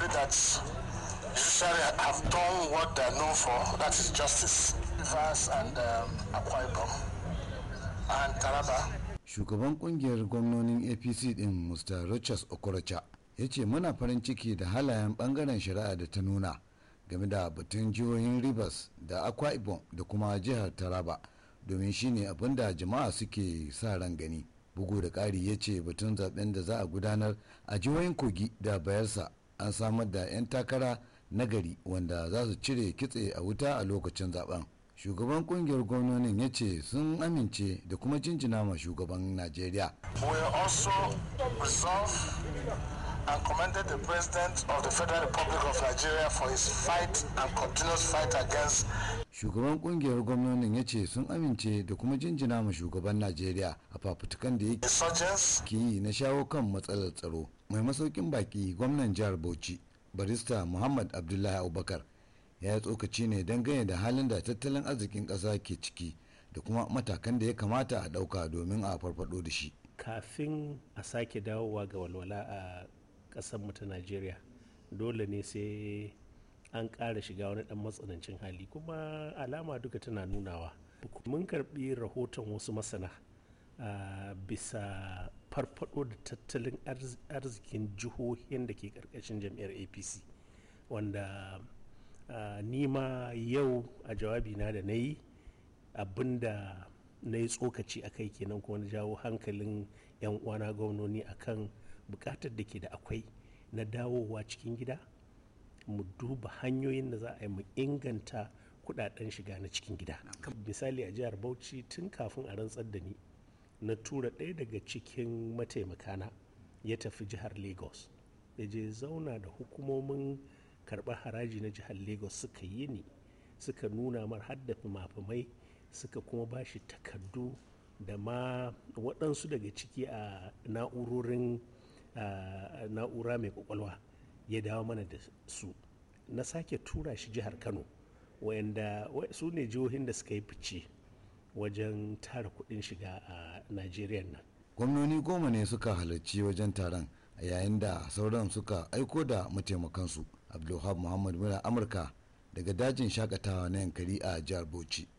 happy that judiciary have done what they're known for, that is justice. Rivers and um, and Taraba. Shugaban kungiyar gwamnonin APC din Mr. Rochas Okorocha ya ce muna farin ciki da halayen bangaren shari'a da ta nuna game da batun jihohin Rivers da Akwa Ibom da kuma jihar Taraba domin shine abin da jama'a suke sa ran gani. Bugu da ƙari ya ce batun zaɓen da za a gudanar a jihohin Kogi da Bayelsa an samar da 'yan takara na gari wanda za su cire kitse a wuta a lokacin zaben shugaban kungiyar gwamnonin ya ce sun amince da kuma jinjina ma shugaban najeriya and commended the President of the Federal Republic of Nigeria for his fight and continuous fight against. Shugaban kungiyar gwamnonin ya ce sun amince da kuma jinjina ma shugaban Najeriya a fafutukan da yake yi na shawo kan matsalar tsaro. mai masaukin baki gwamnan jihar bauchi barista muhammad abdullahi abubakar ya yi tsokaci ne dangane da halin da tattalin arzikin ƙasa ke ciki da kuma matakan da ya kamata a ɗauka domin a farfado da shi kafin a sake dawowa ga walwala a ƙasarmu ta najeriya dole ne sai an ƙara shiga wani ɗan matsanancin hali kuma alama duka tana nunawa mun karɓi rahoton wasu masana bisa farfado da tattalin arzikin jihohin da ke karkashin jam'iyyar apc wanda nima yau a jawabi na da na yi abinda na yi tsokaci a kai kenan kuma na jawo hankalin 'yan uwana gwamnoni akan bukatar da ke da akwai na dawowa cikin gida mu duba hanyoyin da za a yi mu inganta kudaden shiga na cikin gida misali a jihar bauchi tun kafin a rantsar da ni na tura ɗaya daga cikin mataimakana ya tafi jihar lagos ya je zauna da hukumomin karɓar haraji na jihar lagos suka yi ni suka nuna mar da fimafimai suka kuma ba shi takardu da ma waɗansu daga ciki a na'urorin na'ura mai kwakwalwa ya dawo mana da su na sake tura shi jihar kano wayanda su ne jihohin da suka yi fice wajen tara kudin shiga a najeriya nan gwamnoni goma ne suka halarci wajen taron a yayin da sauran suka aiko da mataimakansu abdulhab muhammad mura amurka daga dajin shakatawa na yankari a jihar bauchi